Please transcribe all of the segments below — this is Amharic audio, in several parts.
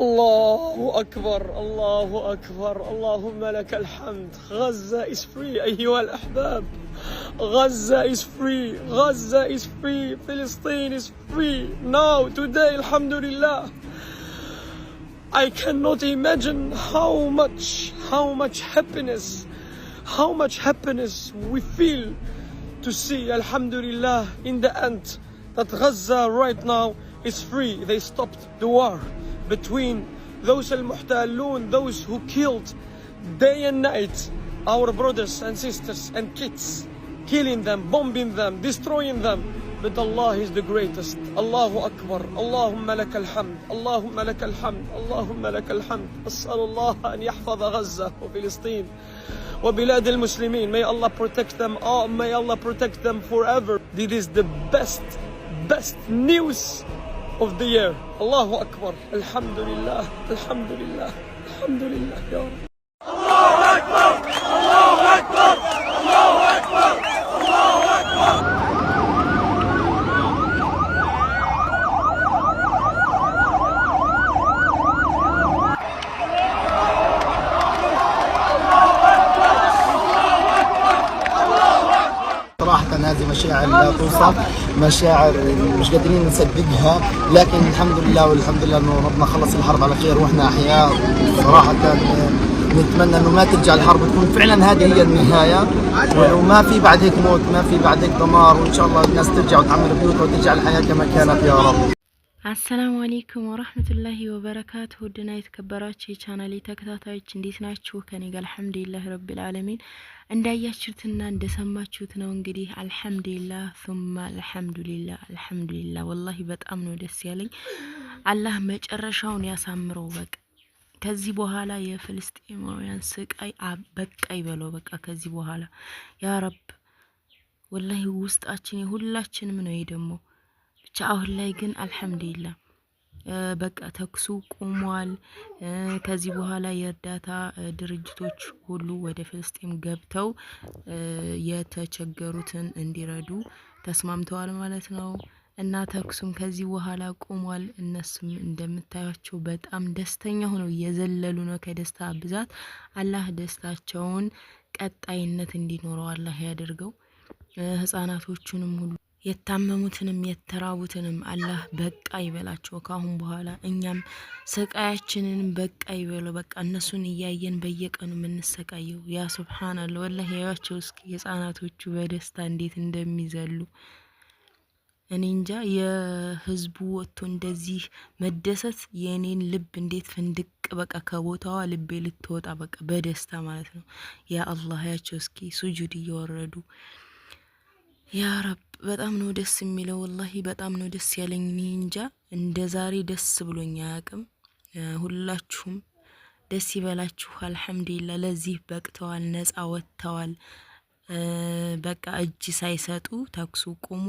الله أكبر الله أكبر اللهم لك الحمد غزة is free أيها الأحباب غزة is free غزة is free فلسطين is free now today الحمد لله I cannot imagine how much how much happiness how much happiness we feel to see alhamdulillah in the end that Gaza right now is free they stopped the war between those al-muhtallun, those who killed day and night our brothers and sisters and kids, killing them, bombing them, destroying them. But Allah is the greatest. Allahu Akbar. Allahumma lak alhamd. Allahumma lak alhamd. Allahumma lak alhamd. أسأل الله أن يحفظ غزة وفلسطين وبلاد المسلمين. May Allah protect them. Oh, may Allah protect them forever. This is the best, best news of the year الله أكبر الحمد لله الحمد لله الحمد لله يا رب صراحه هذه مشاعر لا توصف مشاعر مش قادرين نصدقها لكن الحمد لله والحمد لله انه ربنا خلص الحرب على خير واحنا احياء وصراحه نتمنى انه ما ترجع الحرب تكون فعلا هذه هي النهايه وما في بعد هيك موت ما في بعد هيك دمار وان شاء الله الناس ترجع وتعمل بيوتها وترجع الحياه كما كانت يا رب አሰላሙ አሌይኩም ወራህመቱላሂ ወበረካቱ ውድና የተከበራችሁ የቻናሌ ተከታታዮች እንዴት ናችሁ? ከኔ ጋር አልሐምዱሊላህ ረቢል አለሚን። እንዳያችሁትና እንደሰማችሁት ነው እንግዲህ አልሐምዱሊላህ ሱማ አልሐምዱሊላህ አልሐምዱሊላህ። ወላሂ በጣም ነው ደስ ያለኝ። አላህ መጨረሻውን ያሳምረው። በቃ ከዚህ በኋላ የፍልስጤማውያን ስቃይ በቃ ይበለው። በቃ ከዚህ በኋላ ያ ረብ ወላሂ ውስጣችን የሁላችንም ነው ይሄ ደግሞ ብቻ አሁን ላይ ግን አልሐምዱሊላ በቃ ተኩሱ ቆሟል። ከዚህ በኋላ የእርዳታ ድርጅቶች ሁሉ ወደ ፍልስጤም ገብተው የተቸገሩትን እንዲረዱ ተስማምተዋል ማለት ነው እና ተኩሱም ከዚህ በኋላ ቆሟል። እነሱም እንደምታያቸው በጣም ደስተኛ ሆነው እየዘለሉ ነው ከደስታ ብዛት። አላህ ደስታቸውን ቀጣይነት እንዲኖረው አላህ ያደርገው። ህጻናቶቹንም ሁሉ የታመሙትንም የተራቡትንም አላህ በቃ ይበላቸው። ካሁን በኋላ እኛም ስቃያችንን በቃ ይበሉ። በቃ እነሱን እያየን በየቀኑ የምንሰቃየው ያ ሱብሓናላ። ወላ ያቸው እስኪ ህጻናቶቹ በደስታ እንዴት እንደሚዘሉ እኔ እንጃ። የህዝቡ ወጥቶ እንደዚህ መደሰት የእኔን ልብ እንዴት ፍንድቅ በቃ ከቦታዋ ልቤ ልትወጣ በቃ በደስታ ማለት ነው። ያ አላህ ያቸው እስኪ ሱጁድ እየወረዱ ያ ረብ በጣም ነው ደስ የሚለው። ወላሂ በጣም ነው ደስ ያለኝ። እኔ እንጃ እንደ ዛሬ ደስ ብሎኝ አያውቅም። ሁላችሁም ደስ ይበላችሁ። አልሐምዱሊላ ለዚህ በቅተዋል፣ ነጻ ወጥተዋል። በቃ እጅ ሳይሰጡ ተኩሱ ቆሞ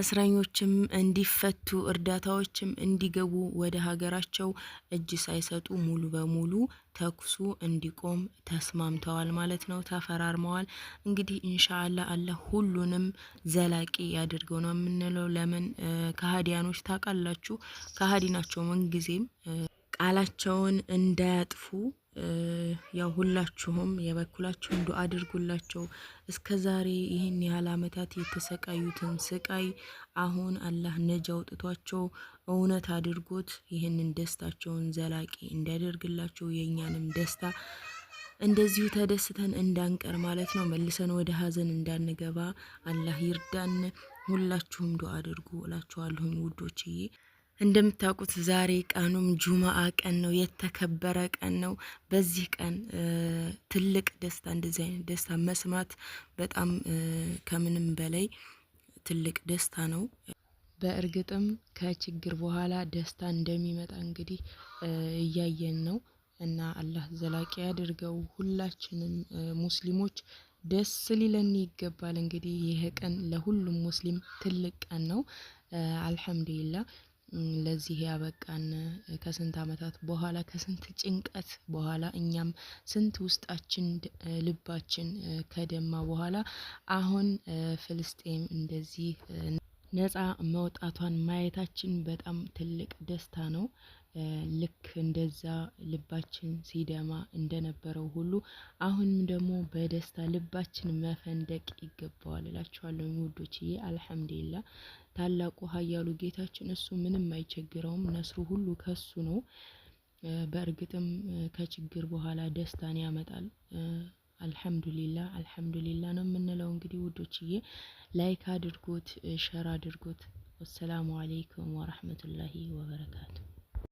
እስረኞችም እንዲፈቱ እርዳታዎችም እንዲገቡ ወደ ሀገራቸው እጅ ሳይሰጡ ሙሉ በሙሉ ተኩሱ እንዲቆም ተስማምተዋል ማለት ነው፣ ተፈራርመዋል። እንግዲህ ኢንሻአላ አላህ ሁሉንም ዘላቂ ያድርገው ነው የምንለው። ለምን ከሀዲያኖች ታውቃላችሁ፣ ከሀዲ ናቸው ምንጊዜም ቃላቸውን እንዳያጥፉ ያው ሁላችሁም የበኩላችሁን ዱአ አድርጉላቸው። እስከ ዛሬ ይህን ያህል አመታት የተሰቃዩትን ስቃይ አሁን አላህ ነጅ አውጥቷቸው እውነት አድርጎት ይህንን ደስታቸውን ዘላቂ እንዲያደርግላቸው የእኛንም ደስታ እንደዚሁ ተደስተን እንዳንቀር ማለት ነው። መልሰን ወደ ሀዘን እንዳንገባ አላህ ይርዳን። ሁላችሁም ዱአ አድርጉ እላችኋለሁኝ ውዶችዬ። እንደምታውቁት ዛሬ ቀኑም ጁማአ ቀን ነው፣ የተከበረ ቀን ነው። በዚህ ቀን ትልቅ ደስታ እንደዚህ አይነት ደስታ መስማት በጣም ከምንም በላይ ትልቅ ደስታ ነው። በእርግጥም ከችግር በኋላ ደስታ እንደሚመጣ እንግዲህ እያየን ነው እና አላህ ዘላቂ ያድርገው። ሁላችንም ሙስሊሞች ደስ ሊለን ይገባል። እንግዲህ ይህ ቀን ለሁሉም ሙስሊም ትልቅ ቀን ነው። አልሐምዱሊላህ ለዚህ ያበቃን ከስንት አመታት በኋላ ከስንት ጭንቀት በኋላ እኛም ስንት ውስጣችን ልባችን ከደማ በኋላ አሁን ፍልስጤም እንደዚህ ነፃ መውጣቷን ማየታችን በጣም ትልቅ ደስታ ነው። ልክ እንደዛ ልባችን ሲደማ እንደነበረው ሁሉ አሁንም ደግሞ በደስታ ልባችን መፈንደቅ ይገባዋል እላችኋለሁ ውዶችዬ። አልሐምዱሊላ ታላቁ ኃያሉ ጌታችን እሱ ምንም አይቸግረውም። ነስሩ ሁሉ ከሱ ነው። በእርግጥም ከችግር በኋላ ደስታን ያመጣል። አልሐምዱሊላ አልሐምዱሊላህ ነው የምንለው። እንግዲህ ውዶችዬ ላይክ አድርጎት፣ ሸር አድርጎት። ወሰላሙ አሌይኩም ወረህመቱላሂ ወበረካቱ።